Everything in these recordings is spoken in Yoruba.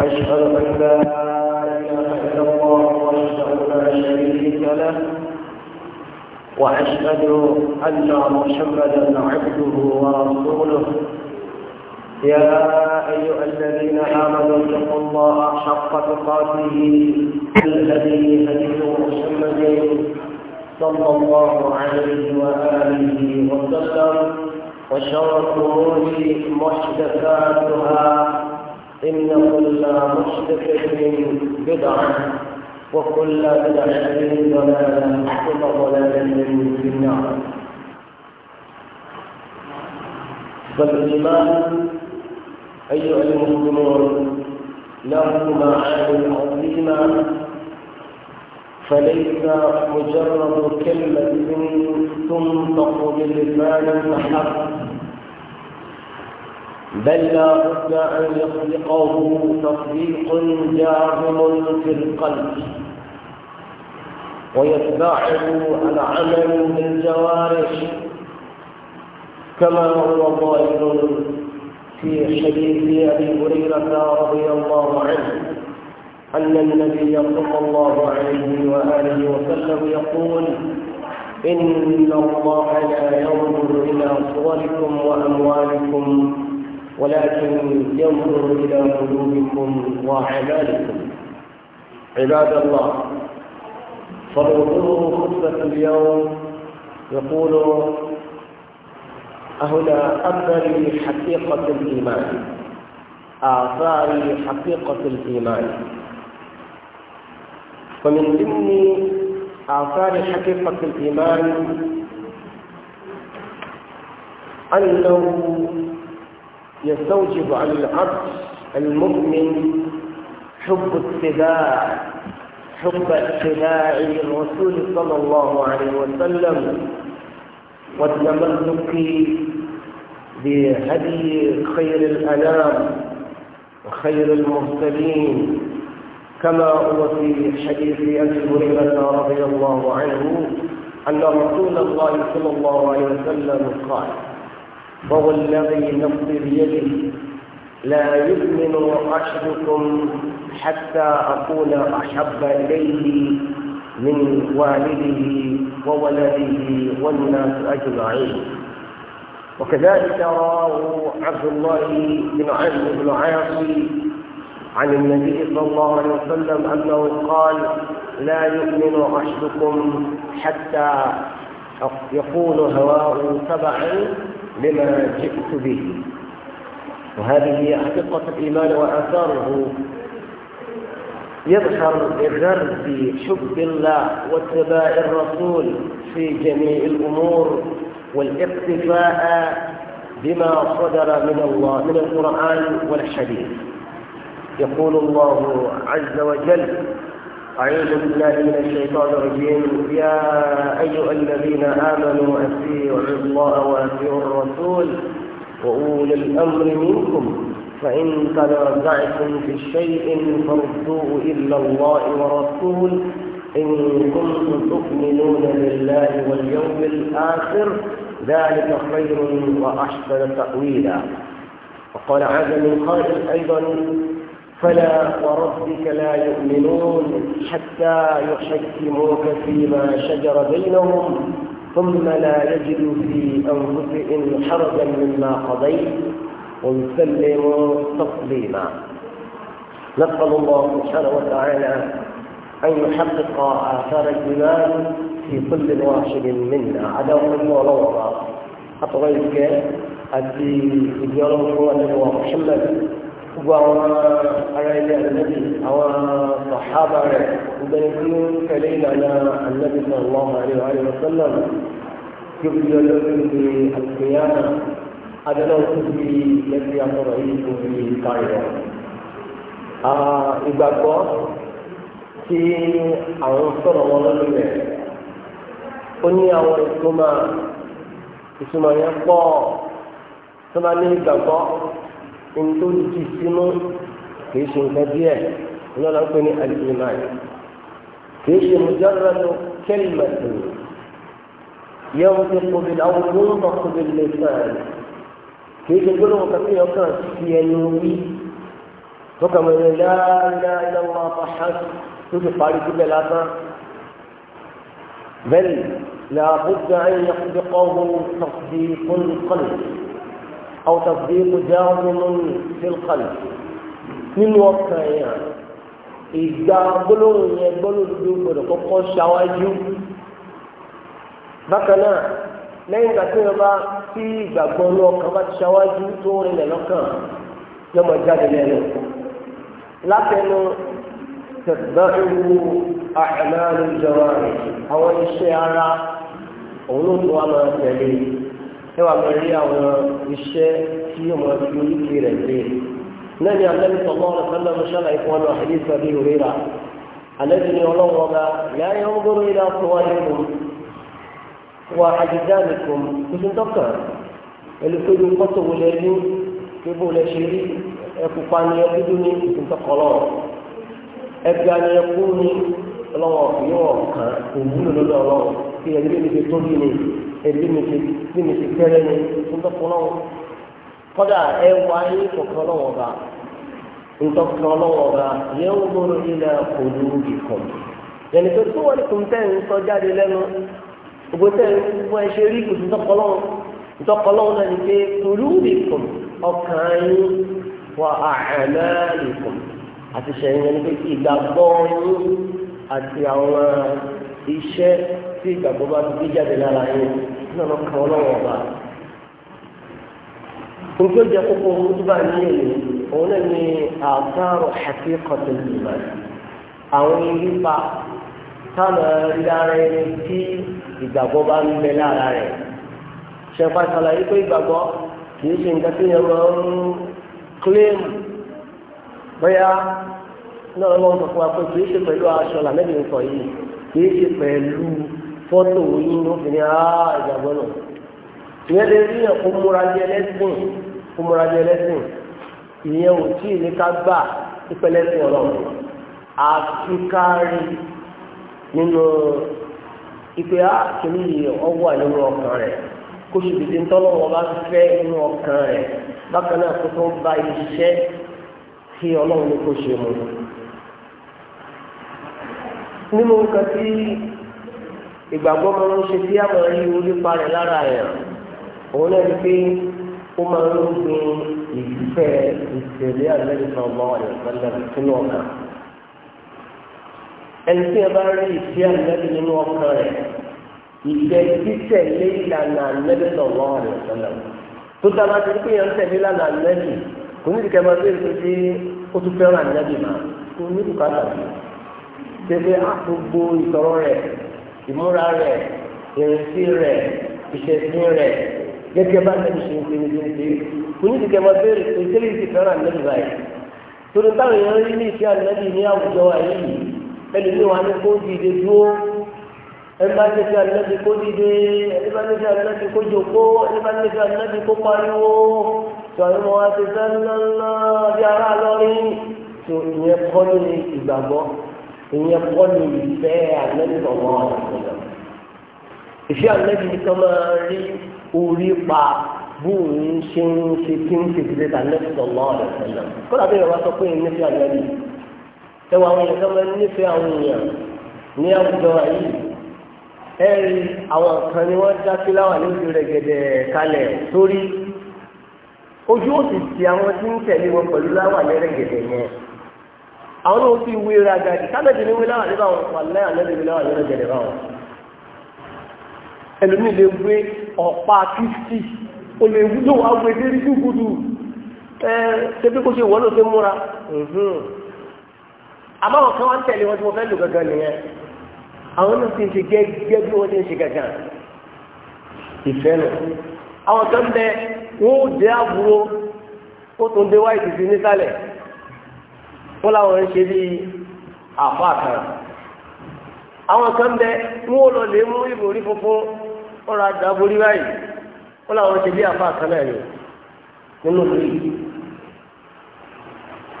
أشهد أن لا إله إلا الله وحده لا شريك له وأشهد أن محمدا عبده ورسوله يا أيها الذين آمنوا اتقوا الله حق تقاته الذي هديه محمد صلى الله عليه وآله وسلم وشر الأمور محدثاتها إن كل مشرك بدعة وكل بدعة ضلالة وكل ضلالة في النار فالإيمان أيها المسلمون له معاني عظيمة فليس مجرد كلمة تنطق بلسان فحسب بل لا بد أن يخلقه تطبيق جاهل في القلب ويتبعه العمل بالجوارح كما هو ظاهر في حديث أبي هريرة رضي الله عنه أن النبي صلى الله عليه وآله وسلم يقول إن الله لا ينظر إلى صوركم وأموالكم ولكن ينظر إلى قلوبكم وأعمالكم عباد الله فالوضوء خطبة اليوم يقول أهنا أثر حقيقة الإيمان آثار حقيقة الإيمان فمن ضمن آثار حقيقة الإيمان أنه يستوجب على العبد المؤمن حب اتباع حب اتباع الرسول صلى الله عليه وسلم والتملك بهدي خير الأنام وخير المرسلين كما هو في حديث أبي هريرة رضي الله عنه أن رسول الله صلى الله عليه وسلم قال فوالذي نفسي بيده لا يؤمن أحدكم حتى أكون أحب إليه من والده وولده والناس أجمعين وكذلك رواه عبد الله بن عز بن عاصي عن النبي صلى الله عليه وسلم أنه قال لا يؤمن أحدكم حتى يكون هواه تبعا لما جئت به وهذه هي حقيقة الإيمان وآثاره يظهر بغرب حب الله واتباع الرسول في جميع الأمور والاقتفاء بما صدر من الله من القرآن والحديث يقول الله عز وجل أعوذ بالله من الشيطان الرجيم يا أيها الذين آمنوا أسيروا الله وأسيروا الرسول وأولي الأمر منكم فإن تنازعتم في شيء فردوه إلا الله ورسول إن كنتم تؤمنون بالله واليوم الآخر ذلك خير وأحسن تأويلا وقال عز من قائل أيضا فلا وربك لا يؤمنون حتى يحكموك فيما شجر بينهم ثم لا يجدوا في أنفسهم حرجا مما قضيت ويسلموا تسليما نسأل الله سبحانه وتعالى أن يحقق آثار الإيمان في كل واحد منا على كل ولوضة أطغيك أتي إجيال الله محمد gbogbo àwọn ará ilé ànábì àwọn sàhábà rẹ̀ gbogbo ẹni tí ó ń tẹ̀lé ìlànà ànábì sallallahu alaihi wa sallam tí ó fi yọ lọ́dún ní àtìyáná adọ́lọ́ tó fi lẹ́sí àtọ̀rọ̀ yìí tó fi kárí lọ. ìgbàgbọ́ tí àwọn sọ̀rọ̀ wọn lọ́dún rẹ̀ ó ní àwọn ìtumọ̀ ìtumọ̀ yẹn pọ̀ tó máa ní ìgbàgbọ́. nítorí ti símú kìí ṣe nǹkan díẹ̀ iná la ń pè ní al-iman kìí won mujarradu kalimatu yantiqu bil-awli wa yunṭaqu bil-lisan kìí ṣe gbólóhùn kan tí yẹn kàn fi ẹnu wí tọ́ka mọ̀ ní la ilaha illallah fahas tó ti parí síbẹ̀ lásán bẹ́ẹ̀ ni làbúgbà ẹ̀yìn ko bí kọ́ wọn tọ̀sí fún kọ́lù. أو تصديق جازم في القلب من وقعها ìgbà gbólóhùn yẹn gbólódodo gbọ́dọ̀ kọ́kọ́ ṣáwájú bákan náà lẹ́yìn ìgbà tí wọn bá tí ìgbàgbọ́ ní ọkàn bá ti ṣáwájú tó ń rinlẹ̀ lọ́kàn yóò máa jáde lẹ́nu látẹnu tẹ̀síbáìwò àìmáàlú jọra rẹ̀ àwọn iṣẹ́ ara òun ló tún wá máa tẹ̀lé yìí ẹ wà lọ rí àwọn iṣẹ́ tí yóò máa fi oríkì rẹ̀ lé náà ni àlẹ́bí sọ̀kọ́ ọ̀rọ̀ sọ́lá mọ́ṣálá ìfọ̀n náà àdé sọ́dé òrìrà àlẹ́bí ni ọlọ́wọ́ ọba láyé ń gbóró ilé àtúwá nínú wa àdìdá nìkan tuntun dọ́kà ẹlẹ́kọ́jú kọ́tò wọlé ní kébò lẹ́ṣẹ̀ rí ẹkùpa ni ẹkúdú ní tuntun dọ́kọ̀lọ́ ẹgbẹ́ ni ẹkú ní ọlọ́wọ́ ìyọ̀ kan òwúlò lọ́dọ̀ ọlọ́wọ́ kí ẹgbẹ́ mi ti tóbi ní ẹbí mi ṣe bí mi ṣe kẹrẹ ni ntọ́kùn náà kọ́dà ẹ wá yé kọ̀ọ̀kan lọ́wọ́ ọba ntọ́kùn lọ́wọ́ ọba yẹn ń gbọ́dọ̀ ilẹ̀ olówó ìkọ̀ yẹnni pé tí wọ́n tún tẹ̀ ń sọ jáde lẹ́nu gbogbo tẹ̀ ń fún ẹ ṣe rí kùtù ntọ́kùn lọ́wọ́ ntọ́kùn lọ́wọ́ náà ni pé olówó ìkọ̀ ọkàn yín wà àhàmẹ́ ìkọ̀ àti sẹ́yìn yẹn ni pé ìgbàgbọ́ yín àti àwọn iṣẹ́ tí ìgbàgbọ́ bá ti jáde lára yín náà lọ kàn ọlọ́wọ́ ọba nítorí ó jẹ kókó ojúbà ní èlé òun náà ní àtàrò àti kọtìlì ìgbà àwọn ìrípa táwọn lára ẹni tí ìgbàgbọ́ bá ń bẹ lára rẹ̀ ṣẹ̀pá ṣàlàyé pé ìgbàgbọ́ kì í ṣe nǹkan tí yẹn máa ń kílẹ̀mù bóyá náà lọ́wọ́ sọ fún wa pé kì í ṣe pẹ̀lú aṣọ làmẹ́bí nǹkan yìí kì í ṣe pẹ̀lú fọ́tò yín ló fi ní àá ah, ìjàgbọ́n náà ìyẹn lè rí yàn kó múra jẹ lẹ́sìn kó múra jẹ lẹ́sìn ìyẹn ò tí ì ní ká gbà pípẹ́lẹ́ sí ọlọ́run àfi ká rí nínú ìpè á ah, kìíní yìí ọwọ́ nínú ọkàn rẹ̀ kó sì dìde ńtọ́lọ́wọ́ bá fẹ́ nínú ọkàn rẹ̀ bákan náà kó tó ń bá iṣẹ́ tí ọlọ́run ní kó ṣe mú nínú nǹkan tí ìgbàgbọ́ máa ń ṣe tí a máa rí orí parẹ̀ lára ẹ̀ òun náà ni pé ó máa ń gbin ìfẹ́ ìṣẹ̀lẹ̀ àlẹ́sọ̀ ọmọ rẹ̀ pẹ̀lú sínú ọkàn ẹni tí a bá rí ìfẹ́ àlẹ́sọ̀ nínú ọkàn rẹ̀ ìfẹ́ títẹ̀lé ìlànà àlẹ́sọ̀ ọmọ rẹ̀ pẹ̀lú tó dára ti pé yẹn ń tẹ̀lé ìlànà àlẹ́sọ̀ kò ní ìdíkẹ́ máa bẹ́ẹ̀ pé ó tún fẹ́ràn àlẹ́sọ̀ máa kò ní ìdíkẹ́ máa àpò gbogbo ìsọ̀rọ̀ rẹ̀ ìmúra rẹ̀ ìrètí rẹ̀ ìṣesí rẹ̀ gẹ́gẹ́ bá tẹ̀lé ṣe ń ṣe ní ṣe kò ní ti kẹ́ máa béèrè pé kílí ti fẹ́ràn ànábì báyìí torí táwọn èèyàn rí ní ìfẹ́ ànábì ní àwùjọ wa yìí ẹni ní wa ní kó dìde dúró ẹni bá ní ìfẹ́ ànábì kó dìde ẹni bá ní ìfẹ́ ànábì kó jòkó ẹni bá ní ìfẹ́ ànábì kó pariwo tọ́yìn wọn ti sẹ́ńdọ́ńdọ́ bí ara lọ́rí tó ìyẹn kọ́ ìyẹn kọ́ ni ìfẹ́ ànábì ọmọ àtàkùnà ìfẹ́ ànábì ní ká máa rí orí pa bóun ṣe ń ṣe kí ń ṣe ìdílé ànábì ọmọ àtàkùnà kọ́lá bí ìrọ̀lá sọ pé ìnífẹ́ ànábì ẹwà àwọn èèyàn ká máa nífẹ̀ẹ́ àwọn èèyàn ní àwùjọ yìí ẹ̀rí àwọn kan ni wọ́n dá síláwà lójú rẹ̀ gẹ̀dẹ̀ kalẹ̀ sórí ojú òsì ti àwọn tí ń tẹ̀lé wọn pẹ̀lú láwà lẹ́rẹ̀gẹ̀dẹ̀ yẹn àwọn náà fi wé ra ga ìsálẹ̀dì ní wíláwà nígbà wọn wà láyà lẹ́nu wíláwà lẹ́nu gẹ̀rẹ̀ bá wọn ẹlòmíì lè wé ọ̀pá fífì o lè wúlò àwọn èdè rí gúgúdù ẹ ṣe bí kò ṣe wọ́n ló ṣe múra àmọ́ àwọn kan wá ń tẹ̀lé wọn tí wọ́n fẹ́ lò gangan nìyẹn àwọn náà ti ń ṣe gẹ́gẹ́ bí wọ́n ti ń ṣe gangan ìfẹ́ nù àwọn wọ́n láwọn ń ṣe bí àfáà kan àwọn kan bẹ wọn ò lọ lè mú ìbòrí funfun wọn ra dà borí báyìí wọ́n láwọn ṣe bí àfáà kan náà ni nínú ìlú yìí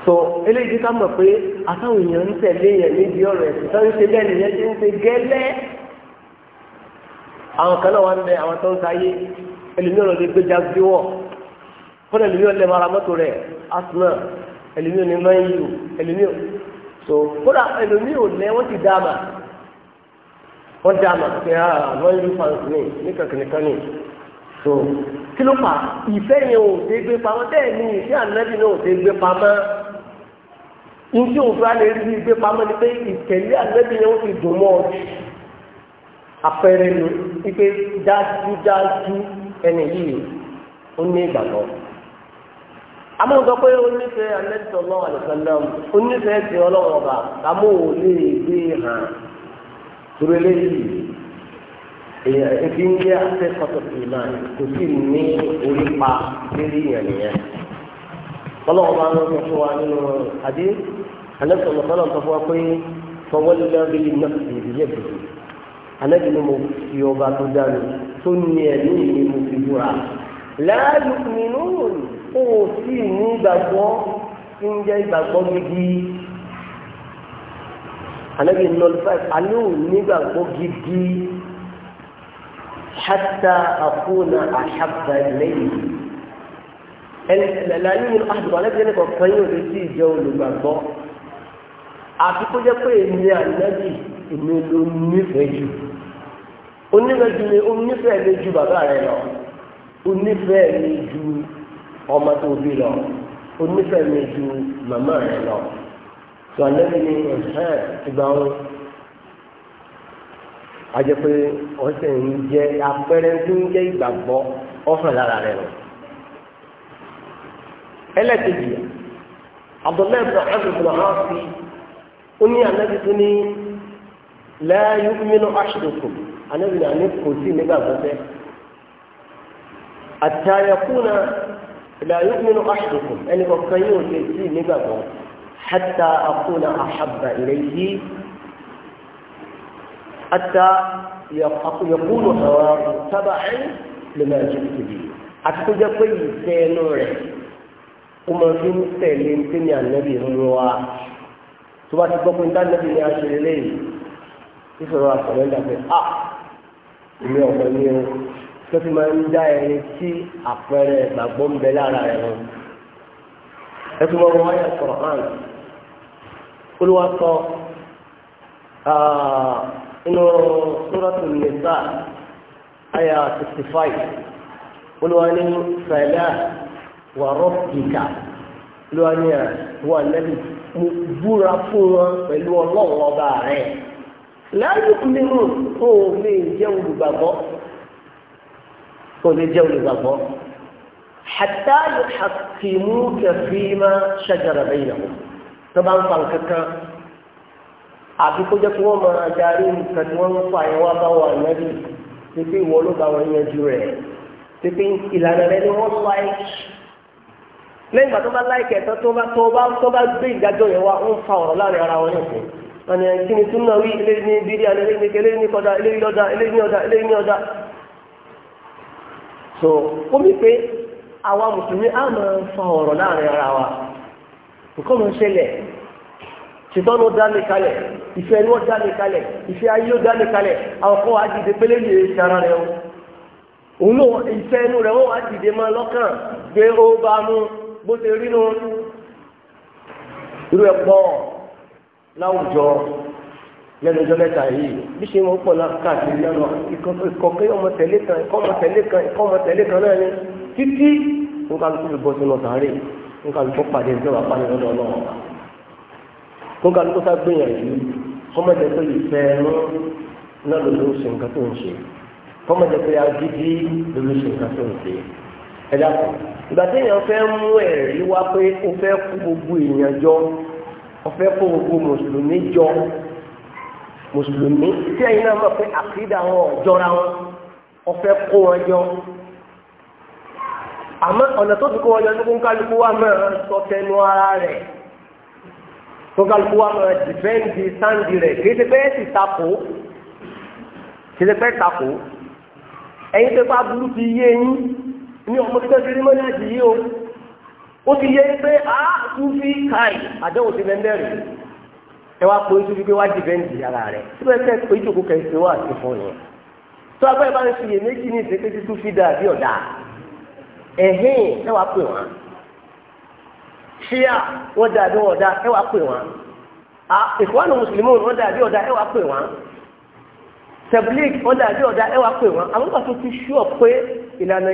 so eléyìí ká mọ̀ pé àtàwọn èèyàn ń tẹ̀lé yẹn níbi ọ̀rọ̀ ẹ̀sìn tó ń ṣe bẹ́ẹ̀ nìyẹn ti ń ṣe gẹ́lẹ́ àwọn kan náà wà ń bẹ àwọn tó ń sáyé ẹlòmíràn lè gbéjà gbéwọ̀ fún ẹlòmíràn lè mara mọ́tò rẹ̀ asuna ẹlòmíì ò ní máa ń yí o ẹlòmíì ò so kódà ẹlòmíì ò lẹ wọ́n ti dáàmà wọ́n dáàmà pé àwọn ah, ìlú fans mi ní kankanìkan ni so kí ló fà ìfẹ́ yẹn ò ṣe gbé pamọ́ bẹ́ẹ̀ ni ìfẹ́ ànábì náà ò ṣe gbé pamọ́ njẹ́ òfin alẹ́ rí gbé pamọ́ ni pé ìtẹ̀lé ànábì yẹn ó ti dùn mọ́ ọ àpẹẹrẹ ni wípé dájúdájú ẹni yìí ó ní ìgbàgbọ́ àmọ́ nǹkan pé onífẹ́ anẹ́tọ̀ lọ́wọ́ àlùfẹ́lẹ́m onífẹ́ ti ọlọ́wọ́ ọba àmọ́ ò lè gbé hàn torí eléyìí ebi ń jẹ́ akẹ́kọ̀ọ́ ìmọ̀ kò sì ní orípa lérí yẹn nìyẹn. ọlọ́wọ́ máa ń sọ fún wa nínú adé anẹ́tọ̀ lọ́wọ́ náà sọ fún wa pé fọwọ́ lílẹ́ rí iná ìdílé bìbì anẹ́tọ̀ ni mo fi ọba tó dára tó ní ẹ̀ ní ìlú mo fi búra láàyè mìíràn ó sì ní ìgbàgbọ́ tí ń jẹ́ ìgbàgbọ́ gidi anabi nọlù five alẹ́ ò ní ìgbàgbọ́ gidi hata àfúnà àhàbà lẹ́yìn ẹnìtẹ̀lẹ̀ láyé nínú àdùgbò alẹ́ tẹ́lẹ̀ kọ̀ọ̀kan yóò lè sí ìjẹ́ olùgbàgbọ́ àti kó jẹ́ pé èmi ànábì èmi ló nífẹ̀ẹ́ jù onífẹ̀ẹ́ jù ni onífẹ̀ẹ́ mi ju bàbá rẹ lọ onífẹ̀ẹ́ mi ju ọmọ tó bí lọ onífẹ̀ẹ́ ju màmá rẹ lọ tó ní ẹ̀hán ìgbà wọn ọ̀sẹ̀ ń jẹ apẹ́rẹ́ tó ń jẹ́ ìgbàgbọ́ ọ̀hàn lára rẹ̀ rẹ̀ ẹlẹ́kejì abdullahi oní anabi tó ní lẹ́yìn mímú anabi náà ní kò sí nígbà gbọ́dẹ́ àtàyẹ̀kú náà. لا يؤمن أحدكم أن يقيم الجنسي نبغه حتى أكون أحب إليه حتى يكون هواه تبعا لما جئت به أتكجى في سينور كما في مسلم تنيا النبي هو tó bá ti gbọ́ pé ní tánàbí ni a ṣe lè léyìí ìṣòro àṣọ̀rọ̀ ìdàgbé a ìlú ọ̀pọ̀ ní o tó fi máa ń dá ẹni tí àpẹẹrẹ ìgbàgbọ́ ń bẹ lára rẹ̀ wọn. ẹ fi mọ́ wọn ayé sọ̀rọ̀ hàn olúwa sọ inú sóràtún nìta àyà sixty five olúwa ní sàlẹ̀ wà rọ́ọ̀kìkà olúwa ní àwọn ànábì mo búra fún wọn pẹ̀lú ọlọ́run ọba rẹ̀ láyé mímú kó o lè jẹ́ olùgbàgbọ́ kò ní jẹ́ olùgbàgbọ́ hatta yuhaqqimuka fima shajara baynahum tó bá ń fa nǹkan kan àbí kó jẹ́ kí wọ́n máa darí nǹkan tí wọ́n ń fa yẹn wá bá wà nẹ́bí pípé ìwọ ló bá wọn yanjú rẹ̀ pípé ìlànà rẹ̀ ni wọ́n fa ẹ̀ lẹ́yìn ìgbà tó bá láìkẹ́ tó tó bá tó bá tó bá gbé ìdájọ́ yẹn wá ń fa ọ̀rọ̀ láàrin ara wọn nìkan wọn ni kí ni túnú wí eléyìí ní bíríà eléyìí ní kẹlẹ́yìn ní kọ́dà eléyìí lọ́dà eléyìí ní ọ̀dà eléyìí ní ọ̀dà so ó bí pé àwa mùsùlùmí á máa fa ọ̀rọ̀ láàrin ara wa nǹkan mọ̀ ń ṣẹlẹ̀ ṣùgbọ́n ló dálé kalẹ̀ ìfẹ́ ni wọ́n dálé kalẹ̀ ìfẹ́ ayé ló dálé kalẹ̀ àwọn kan wà á dìde pélé ní èsì ara rẹ o òun ló ìfẹ́ inú rẹ wọ́n wà á dìde máa lọ́kàn pé ó bá mú bó ṣe rí nu irú ẹ̀ pọ̀ láwùjọ lẹ́nu ọjọ́ mẹ́ta yìí bí ṣe wọ́n pọ̀ náà káàkiri lẹ́nu ìkọ̀kẹ́ ọmọ tẹ̀lé kan ìkọ́ ọmọ tẹ̀lé kan ìkọ́ ọmọ tẹ̀lé kan náà ni títí nkàlùkù fi bọ́ sínú sàárè nkàlùkù pàdé ìjọba pàdé lọ́dọ̀ ọlọ́run nkàlùkù sá gbìyànjú kọ́mọ̀jẹ́ pé ìfẹ́ ẹnu náà ló ló ṣe nǹkan tó ń ṣe kọ́mọ̀jẹ́ pé agídí ló ló ṣe nǹkan tó ń ṣe ẹ dàpọ̀ ìgbà téèyàn fẹ́ mú ẹ̀rí wá pé ó fẹ́ kó gbogbo èèyàn jọ ó fẹ́ kó gbogbo mùsùlùmí jọ mùsùlùmí tí ẹ̀yin náà mọ̀ pé àkídà wọn ọ̀jọ́ra wọn ọ̀fẹ́ kó wọn jọ àmọ́ ọ̀nà tó fi kó wọn jọ ní kónkálukú wa máa sọ tẹnu ara rẹ̀ kónkálukú wa máa dìfẹ́ǹdì sáǹdì rẹ̀ kì í ṣe pé ẹ̀sì takò kì í ṣe pé takò ẹ̀yin tó bá burú ti yé yín ní ọmọ tó ti mọ́ náà ti yé o ó ti yé pé a ah, tún fi káì àdéhùn ti bẹ́ẹ̀ bẹ́ẹ̀ ẹ wá n ojú gbígbé wá dìbẹ́ǹdì ara rẹ̀ síbẹ̀ kẹ́ pé ìjòkó kẹsì wà sí fún yẹn tó agbẹ́ bá ń fi méjì ní ìsèké títú fi dà bí ọ̀dà ẹ̀hìn ẹ wá pè wọ́n ṣíà wọ́n dà bí ọ̀dà ẹ wá pè wọ́n ìfọwọ́nù mùsùlùmí wọ́n dà bí ọ̀dà ẹ wá pè wọ́n tẹ̀blík wọ́n dà bí ọ̀dà ẹ wá pè wọ́n àwọn ti ṣú ìlànà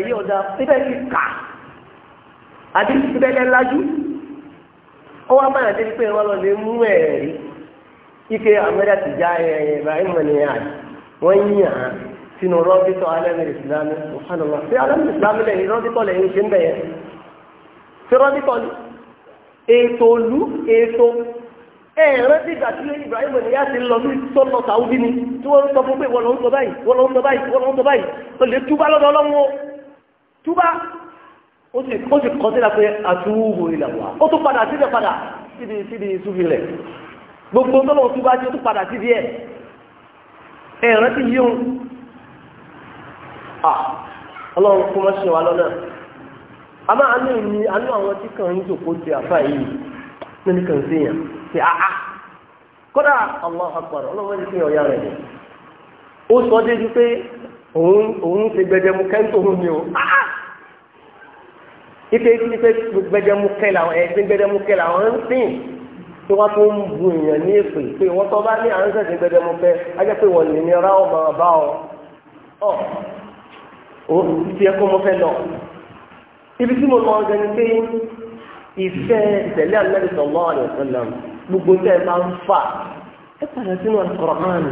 ike amẹ́rẹ́ àtijọ́ eh, ibrahim niyad wọ́n yíyàn án sínú rọ́bítọ̀ alẹ́mì ìsìlámì subhanallah sí alẹ́mì ìsìlámì lẹ́yìn rọ́bítọ̀ lẹ́yìn ṣe ń bẹ̀yẹ sí rọ́bítọ̀ ni ètò olú ètò ẹ̀rẹ́ ti gbà sílé ibrahim niyad ti lọ sí sọ́nà sàúdí ni tí wọ́n ń sọ fún pé wọ́n lọ ń sọ báyìí wọ́n lọ ń sọ báyìí wọ́n lọ ń sọ báyìí ó lè túbá lọ́dọ̀ ọlọ́run o túbá kọ́ sí pé àtúwò ìlàwà ó tún padà síbẹ̀ padà síbi síbi ìsúfilẹ̀ gbogbo tọ́lọ́wọ́ tó bá jẹ́ tó padà sí díẹ̀ ẹ̀ rántí yíò ah, ọlọ́run kó ṣe wa lọ́nà a máa ní ìní anú àwọn tí kàn ń jòkó ti àfà yìí nínú kàn sí yàn ti àá kódà ọlọ́run ti fi hàn ya rẹ̀ ni ó sọ déjú pé òun ti gbẹdẹmú kẹ́ńtò òun ni o ah, ah. gbẹdẹmú kẹ́ làwọn ẹ̀ gbẹdẹmú kẹ́ làwọn ń sìn. tí wọ́n tún ń bu èèyàn ní èpè pé wọ́n tó bá ní à ń sẹ̀sìn gbẹdẹmufẹ́ ajẹ́ pé wọ́n lè ní ra ọmọ bá ọ ọ òun ti ẹkọ mo fẹ́ lọ ibi tí mo lọ ọjọ́ ni pé ìfẹ́ ìtẹ̀lé Ànábì sallallahu alaihi wasallam gbogbo tẹ́ ẹ máa ń fà ẹ padà sínú Al-Qur'an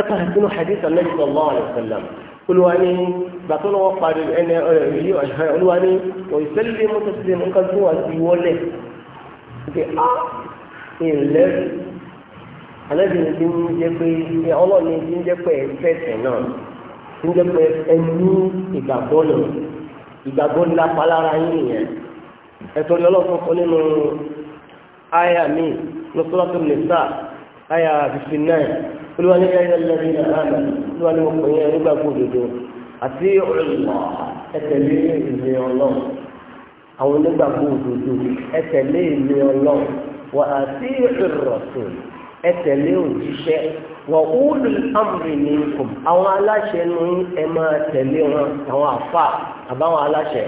ẹ padà sínú hadith Ànábì sallallahu alaihi wasallam olùwàní gbàtọ́lọ́wọ́ parí ẹni ẹ̀yí olùwàní òṣèlú mọ́tòsílẹ̀ nǹkan tó wà sí wọlé ah, ìlẹ́rù alẹ́bìnrin ti ń jẹ́ pé ọlọ́ọ̀ni ti ń jẹ́ pé náà ti ń jẹ́ pé ìgbàgbọ́ náà ìgbàgbọ́ yín nìyẹn ẹ̀tọ́ ni ọlọ́ọ̀fọ́ kọ́ nínú àyà mi ní sọ́lọ́tò àyà fifty nine olúwa ní ẹ̀yẹ lẹ́rìí náà olúwa ní wọ́n pè é nígbàgbọ́ òdodo àti ọ̀rẹ́lùmọ̀ ẹ̀tẹ̀lé ìlẹ̀ àwọn onígbàgbọ́ òdodo wà á sí ìrọ̀sùn ẹ tẹ̀lé òjíṣẹ́ wọ́n wúlò amúrin ní nkùn àwọn aláṣẹ ní ẹ máa tẹ̀lé wọn àwọn àfà àbáwọn aláṣẹ.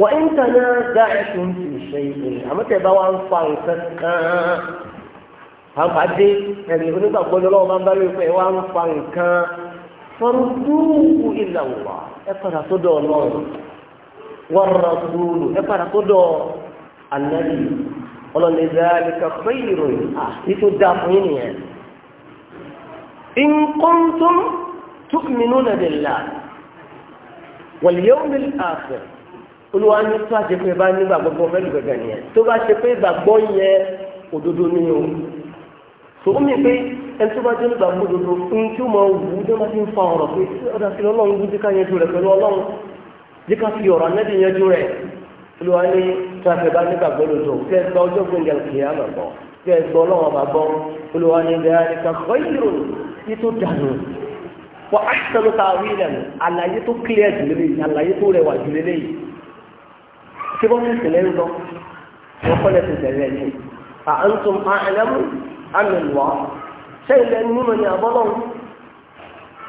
wọ́n ń tanná dáìsùn ti ṣe ìpè àmọ́tẹ́ kan àǹfààdé ẹ̀rì onígbàgbọ́ ni ọlọ́wọ́ bá ń bá rí ọlọ́ni zaalika khayrun ètò dàpọ̀ yín nìyẹn. in kuntum tu'minuna billahi wal yawmil akhir olúwa ní tó àṣẹ pé bá nígbà gbogbo fẹ́ lùgbẹ̀gbẹ̀ nìyẹn tó bá ṣe pé ìgbàgbọ́ yẹn òdodo ni o mi pé ẹni tó bá jẹ́ nígbà gbòdodo ń tí ó máa wù ú tó máa fi ń fa ọ̀rọ̀ pé ọ̀dà sí ọlọ́run gbé díkà yẹn ju rẹ̀ pẹ̀lú ọlọ́run díkà fi ọ̀rọ̀ anẹ́bí yẹn ju rẹ̀ olúwa ní tí a fẹ́ bá nígbà gbọ́dọ̀ tó kẹ́ ẹ gbọ́ ọjọ́ gbẹ̀ngàn kì í àmà bọ̀ kẹ́ ẹ gbọ́ ọlọ́wọ́ bá bọ́ olùwà ní bẹ́ẹ̀ ni kakọ́ yìí yìí tó dànù wà á sanu káwí lẹ́nu àlàyé tó kílẹ̀ jùlẹ̀ lẹ́yìn àlàyé tó rẹwà jùlẹ̀ lẹ́yìn tí wọ́n ti tẹ̀lé ńlọ wọ́n kọ́ lẹ́sìn tẹ̀lé ẹ̀yìn à ń tún pa ẹ̀lẹ́mú àmì wá sẹ́yìn lẹ́nu nínú ni àbọ́lọ́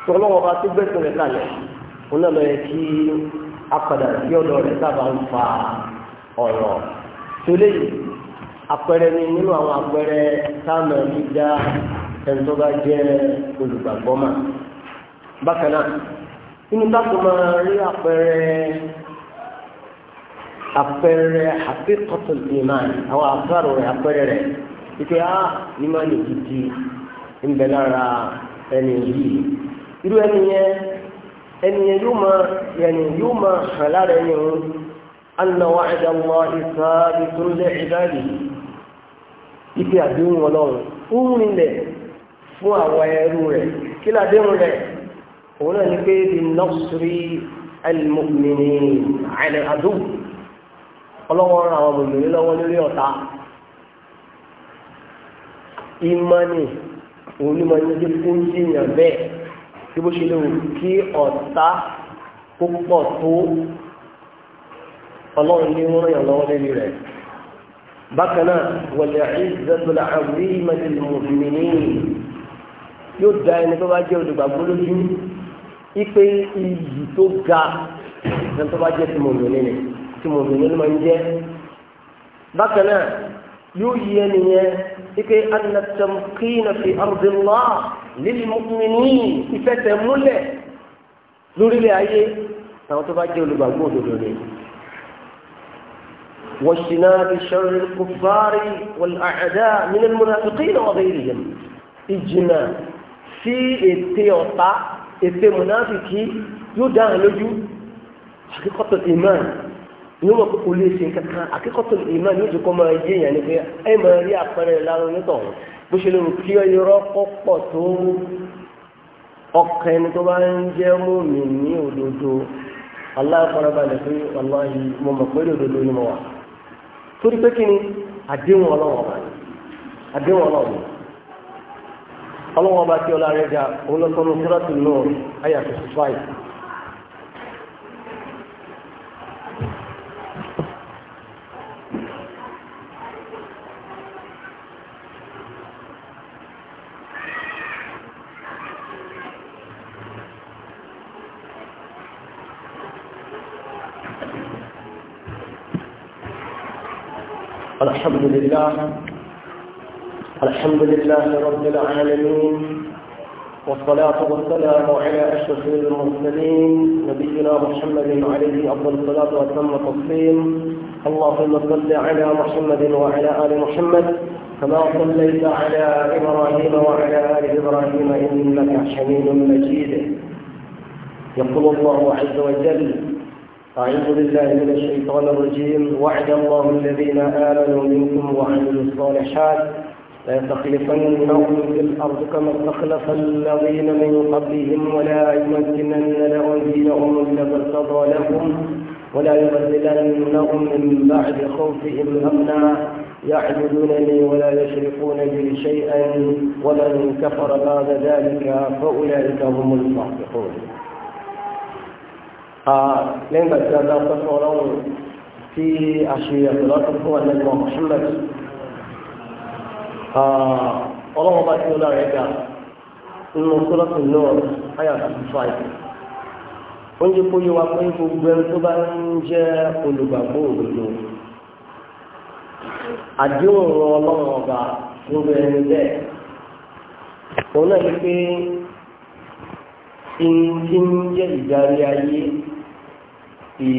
tọ́lọ́wọ́ bá tó gbẹ́sìn rẹ̀ kalẹ̀ òun náà lọ yẹ kí apàdà sí ọ̀dọ̀ rẹ̀ sábà ń fa ọ̀rọ̀ tó léyìí àpẹẹrẹ ni nínú àwọn àpẹẹrẹ táàmù ẹni dá ẹni tó bá jẹ́ olùgbàgbọ́ mà bákan náà inú táàtò máa rí àpẹẹrẹ àpẹẹrẹ àpẹkọtò ìmáà àwọn àpẹẹrẹ rẹ àpẹẹrẹ rẹ ìpè á ní máa lè dìdì ń bẹ lára ẹni yìí irú ẹni yẹn ẹni yẹn yóò máa yẹn yóò máa hàn lára ẹni yẹn. أن وعد الله ثابت لعباده ipe àdéhùn ọlọ́run ó ń rinlẹ̀ fún àwọn ẹrú rẹ̀ kí ládéhùn rẹ̀ òun náà ni pé bí nọ́ọ̀sì ẹlẹ́mọ̀mìnì àìlẹ̀ àdúù ọlọ́wọ́ ran àwọn mòmìnì lọ́wọ́ lórí ọ̀tá ìmọ̀ni òun ni mo ní fún jìyàn bẹ́ẹ̀ bí bó ṣe léwu kí ọ̀tá kó pọ̀ tó ọlọ́run ní wọ́n yàn lọ́wọ́ lórí rẹ̀ bákan náà wọlé ìzẹ́tọ̀lá àwọn ìmọ̀lẹ́mọ̀mìnì yóò da ẹni tó bá jẹ́ olùgbàgbọ́ lójú ipe iyì tó ga ẹni tó bá jẹ́ ti mọ̀mìnì ni ti mọ̀mìnì ló máa jẹ́ bákan yóò yí ẹni yẹn ipe anatẹ́mkínà fi àrùbíńlá lílmọ̀mìnì ìfẹsẹ̀múlẹ̀ lórílẹ̀ ayé àwọn tó bá jẹ́ olùgbàgbọ́ òdodo ni. واجتناب شر الكفار والأعداء من المنافقين وغيرهم اجنا في التيوتا التي منافقي يدان لجو حقيقة الإيمان yóò mọ̀ pé kò lè ṣe kankan akẹ́kọ̀ọ́ ìmọ̀ yóò ti kọ́ máa yé yẹn ni pé ẹ máa rí àpẹẹrẹ láró nítorí bó ṣe lè rò kí irọ́ pọ̀ tó ọkàn ẹni tó bá ń jẹ́ mú mi ní òdodo aláàpọ̀rọ̀ balẹ̀ pé wàláhì mo mọ̀ pé òdodo ni mo wà torí pé kí ni àdéhùn ọlọ́wọ́n ọba ni àdéhùn ọlọ́wọ́n ọlọ́wọ́n ọba tí ọlá rẹ̀ ga òun lọ́sọ̀rọ̀ sọ́dọ̀tún náà ayà 55 الله الحمد لله رب العالمين والصلاة والسلام على أشرف المرسلين نبينا محمد عليه أفضل الصلاة وأتم التسليم اللهم صل على محمد وعلى آل محمد كما صليت على إبراهيم وعلى آل إبراهيم إنك حميد مجيد يقول الله عز وجل أعوذ بالله من الشيطان الرجيم وعد الله الذين آمنوا منكم وعملوا الصالحات ليستخلفنهم في الأرض كما استخلف الذين من قبلهم ولا يمكنن لهم دينهم إلا ارتضى لهم ولا يبدلنهم من بعد خوفهم أمنا يعبدونني ولا يشركون بي شيئا ومن كفر بعد ذلك فأولئك هم الصادقون Ah, lẹ́yìn ìgbà tí ọlọ́run tí a ṣe àtọ̀lọ́tọ̀ fún ẹlẹ́gbọ̀n Muhammad ah, ọlọ́run bá tí ó lára ẹ̀dá nínú kọ́lọ́tù náà ayà fífà yìí ó ń kó yé wa pé gbogbo ẹni tó bá ń jẹ́ olùgbàgbọ́ òdodo àdéhùn ọlọ́run ọba gbogbo ẹni bẹ́ẹ̀ òun náà ní pé ìyìn tí ń jẹ́ ìdarí ayé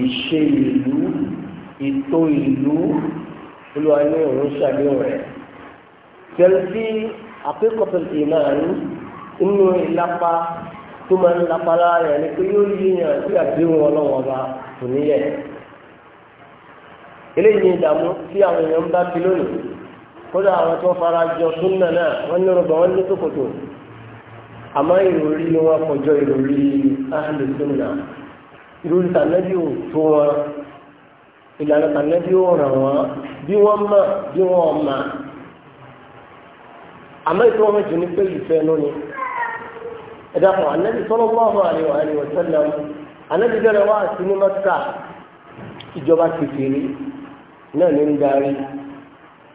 ìṣe ìlú ìtò ìlú olúwa ní òun ṣàdéhùn rẹ̀. pẹ̀lú tí àpékọ̀tọ̀ ìmáàrún inú ìlapa tó máa ń lapa lára rẹ̀ ni pé yóò yíyan sí àdéhùn ọlọ́wọ́n ọba kò níyẹ̀. eléyìí ni ìdààmú tí àwọn èèyàn ń bá fi lónìí kódà àwọn tó fara jọ súnà náà wọ́n ní rọgbà wọ́n ní tòkòtò àmọ́ ìròrí wọn kọjọ ìròrí áhùn lè ìròyìn tànẹ́bí ò tó wọn ìlànà tànẹ́bí ò ràn wọ́n bí wọ́n mọ̀ bí wọ́n mọ̀ àmọ́ ìtọ́ wọn jù ní pé ìfẹ́ ló ni ẹ̀dá kan ànẹ́bí sọ́nà wọ́n wà ní wàhálì wọ́n sẹ́lẹ̀ wọn ànẹ́bí bẹ̀rẹ̀ wá sí ní mọ́tà ìjọba kékeré náà ní ń darí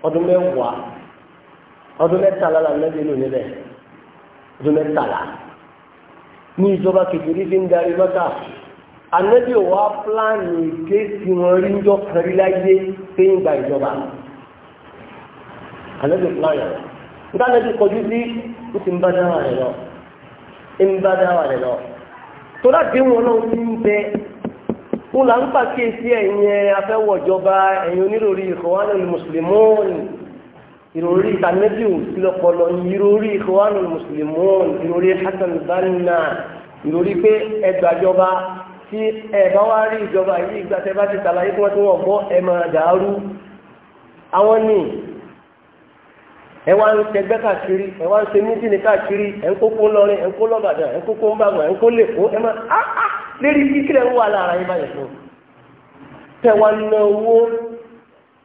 ọdún mẹ́wàá ọdún mẹ́tàlá la ànẹ́bí lò níbẹ̀ ọdún mẹ́tàlá ní ìjọba kékeré ti ń darí mọ́tà anabi wa fúlàní èké tí wọ́n rí ń jọ kárí láyé pé ń gba ìjọba anabi fúlàní ọ̀rọ̀ nígbà anabi kọjú sí ó ti ń bá dáwà rẹ̀ lọ ń bá dáwà rẹ̀ lọ tó láti wọn náà ti ń bẹ wọn là ń pàkíyèsí ẹ̀yin afẹ́wọ̀jọba ẹ̀yin onírúurú Ikhwanul Muslimun ìròrí ìtànẹ́bí ò sí lọ́pọlọ ìròrí Ikhwanul Muslimun ìròrí Hassan Banna ìròrí pé ẹgbàjọba tí ẹ̀bá wá rí ìjọba yìí ìgbàtẹ́ bá ti tàlàyé tí wọ́n tí wọ́n gbọ́ ẹmọ dàárú àwọn ní ẹwà ń tẹgbẹ́ káàkiri ẹwà ń ṣe mítìní káàkiri ẹ̀ńkókó lọrin ẹ̀ńkó lọ́gàdàn ẹ̀ńkókó ń bàgbà ẹ̀ńkó lè kó ẹmọ áá ah, ah, lérí kíkìlẹ̀ ń wà lára yín báyìí fún tẹwà ń ná owó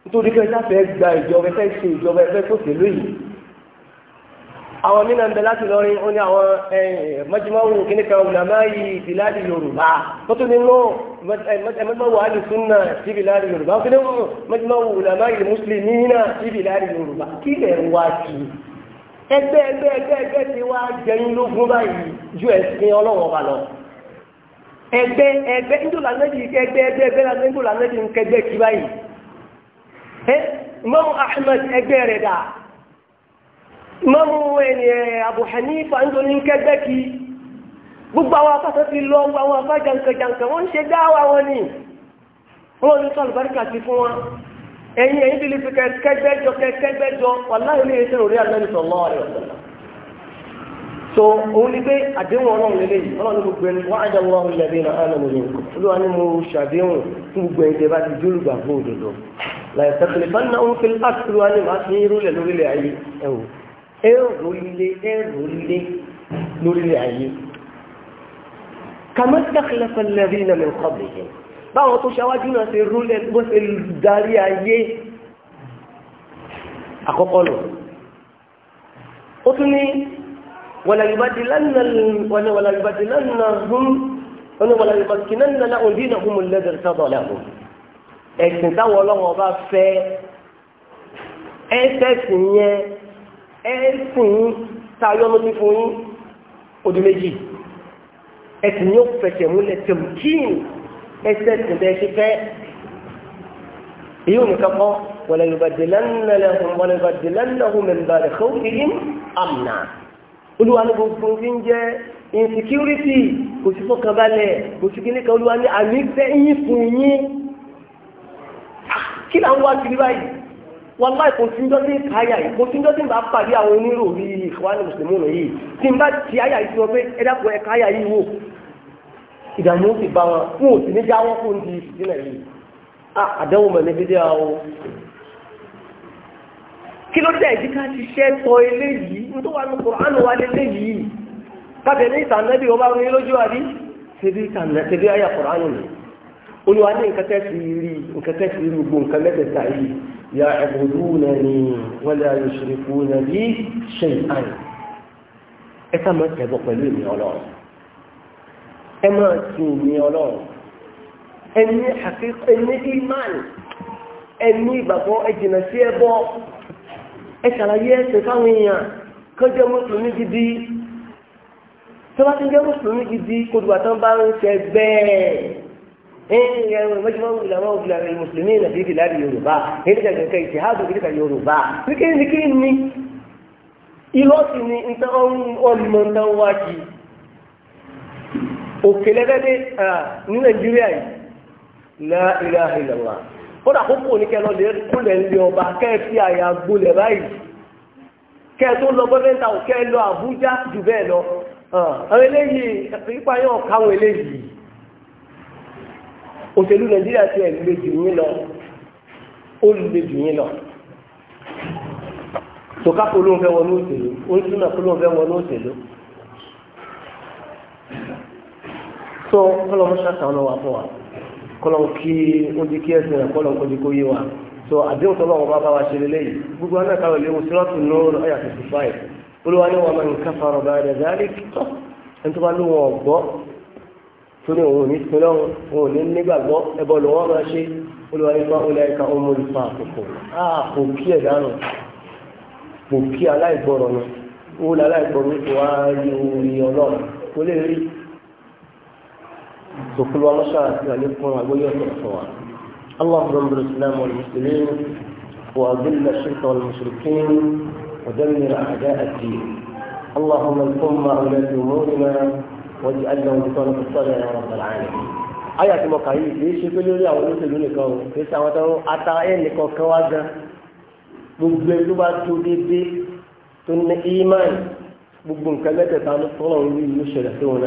nítorí kẹta fẹ́ gba ìjọba ẹ̀fẹ́ ṣe ìjọba ẹ̀fẹ́ tó ṣèlú yìí àwọn mìíràn bẹ láti lọrin ó ní àwọn mọ́júmọ́wò kìnnìkan ọ̀làmáyì ìbíládì yorùbá tó tún ní nù mọ́júmọ́wò alùsùnà sí ìbíládì yorùbá tó ní mọ́júmọ́wò ọ̀làmáyì mùsùlùmíìnà sí ìbíládì yorùbá kí lè wá sí i ẹgbẹ́ ẹgbẹ́ ẹgbẹ́ ẹgbẹ́ ti wá jẹyìn lógún báyìí ju ẹ̀sìn ọlọ́wọ́ wa lọ ẹgbẹ́ ẹgbẹ́ ńdòlà méjì ẹgbẹ́ ẹgbẹ́ ẹgbẹ́ ńdòlà méjì kí báyìí ẹ mọ́ ahmed ẹgbẹ́ rẹ̀ dáa mọ́mú ẹ̀yẹ Abu Hanifa e lóní kẹ́gbẹ́kì gbogbo àwọn afáṣọ ti lọ gbogbo àwọn afá jankanjankan ń ṣe dáwà wọn ni wọ́n ní sọ́ọ̀lù báríkà ti fún wọn ẹ̀yìn ẹ̀yìn bí lè fi kẹ́gbẹ́jọ kẹ́gbẹ́jọ wà ní òrí so òun ni pé àdéhùn ọlọ́run lélẹ̀ yìí ọlọ́run gbogbo ẹni wọ́n àjà náà olúwa ni mo ṣàdéhùn fún gbogbo ẹni tẹ bá ti dúró òdodo ẹ̀rọ líle ẹ̀rọ líle lórílẹ̀ ayé kàmá dákìlẹ́fà lẹ́rí iná mi nǹkan bèèrè báwọn tó ṣáwájú náà ṣe rúlẹ̀ bó ṣe darí ayé àkọ́kọ́ lọ ó tún ní wàlà ìbàdìlánà hún wàlà ìbàdìlánà láhùn dínà hún mọ̀lẹ́dẹ̀rẹ̀ sábà láhùn ẹ̀sìn táwọn ọlọ́wọ́ bá fẹ́ ẹ̀sẹ̀sìn yẹn ẹ̀sìn tayọ́nú ní fún odi méjì ẹ̀sìn yóò fẹsẹ̀ múlẹ̀ tẹ̀mkín ẹsẹ̀ tẹ̀ bẹ́ẹ̀ ṣe fẹ́ èyí ò ní kakọ́ wala yubaddilanna lahum wala yubaddilannahum min ba'di khawfihim amna olúwa ní gbogbo fi ń jẹ́ insecurity kò sí fọkànbalẹ̀ kò sí kíníkà olúwa ní àmì fẹ́ yín fún yín ah, kí làwọn wá kiri báyìí wọn láì kò tí ń jọ́ sí àyà yìí kò tí ń jọ́ sí ń bá pàdé àwọn onírò rí ìfọwọ́nì mùsùlùmí yìí tí ń bá ti àyà yìí sọ pé ẹ dákun ẹ̀ka àyà yìí wò ìdààmú ti bá wọn fún òsì ní já wọn fún di ìsìnlẹ̀ yìí àdéhùn mọ̀ níbi dé àwọn kí ló dé ìdíkà ti ṣe sọ eléyìí nítorí wà ní Kùránì wà lélẹ́yìí kábẹ̀ ní ìtàn náà bí wọ́n bá wọn ní lójú àbí ṣe bí ìtàn ṣe bí àyà olùwà ní nǹkan tẹ́ fi rí nǹkan tẹ́ fi rí gbogbo nǹkan mẹ́tẹ̀ẹ̀ta yìí ya ya'budunani wala yushrikuna bi shay'an ẹ ká máa tẹ̀bọ̀ pẹ̀lú ìmì ọlọ́run ẹ máa sin ìmì ọlọ́run ẹni àkíkọ́ ẹni ìmáàlì ẹni ìgbàgbọ́ ẹjìnà sí ẹbọ ẹ ṣàlàyé ẹsẹ̀ fáwọn èèyàn kan mùsùlùmí gidi tí wọ́n ti jẹ́ mùsùlùmí gidi kó tán bá ń ṣe bẹ́ẹ̀ مجمع علماء المسلمين في بلاد يوروبا هنا كان اجتهاد في بلاد يوروبا لكن لكن يلوسني انت اون اون من تواجي òkèlè bẹ́ẹ̀ ní nàìjíríà yìí la ilaha illallah kódà kókó ní kẹ́ lọ lè kúlẹ̀ ńlẹ̀ ọba kẹ́ fi àyà gbolẹ̀ báyìí kẹ́ tó lọ gọ́mẹ́ntà ò kẹ́ lọ àbújá jù bẹ́ẹ̀ lọ àwọn eléyìí ipa káwọn eléyìí òṣèlú nàìjíríà ti ẹ̀ lè jù yín lọ ó lè jù yín lọ tòká polówó fẹ́ wọnú òṣèlú ó ń túnà polówó fẹ́ wọnú òṣèlú tó kọlọmọ ṣàtàn ọlọwà fún wa kọlọmọ kí ó di kí ẹsìn rẹ kọlọmọ kó di kó yé wa tó àdéhùn tó lọ́wọ́ bá bá wa ṣe lélẹ́yìí gbogbo anáà káwé léwu sírọ́tù nóòrò ọ̀yà fifty five olúwa ni wọn máa ń káfà rọ̀ bá rẹ̀ dáálí ẹni tó bá lóun ọ̀gbọ́ tó ní òun ò ní sin lọ́hùn òun ò ní nígbàgbọ́ ẹbọ lọ́wọ́ máa ṣe olùwárí máa ń láyé ká ọmọ ìfà àkókò áà ah, kò kí ẹ̀ dànù kò kí aláìgbọràn ni ó lọ aláìgbọràn tó wá rí orí ọlọ́run kó lè rí دخول ومشاء عليكم وأبوية الصواب اللهم انظر الإسلام والمسلمين وأذل الشرك والمشركين ودمر أعداء الدين اللهم انصر أولاة أمورنا a بطانة الصالح يا رب العالمين àyà tí mo kà yìí kì í ṣe pé lórí àwọn ata ẹnìkan gan gbogbo bá tó dédé tó ní gbogbo nǹkan ló orí ìlú ṣẹlẹ̀ tó wọn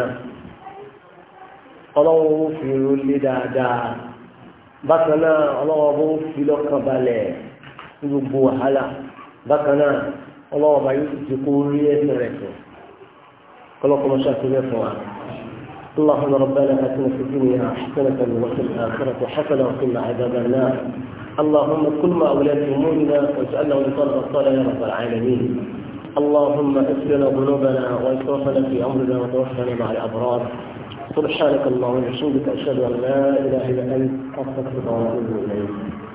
náà fi ro lé dáadáa bákan náà gbogbo wàhálà bákan náà yóò ti kó rí يا فوان اللهم ربنا اتنا في الدنيا حسنه وفي الاخره حسنه وقنا عذاب النار اللهم كل ما أولاد أمورنا واجعلنا ولطان أبطال يا رب العالمين اللهم اغفر لنا ذنوبنا وإسرافنا في أمرنا وتوفنا مع الأبرار سبحانك اللهم وبحمدك أشهد أن لا إله إلا أنت أستغفرك وأتوب إليك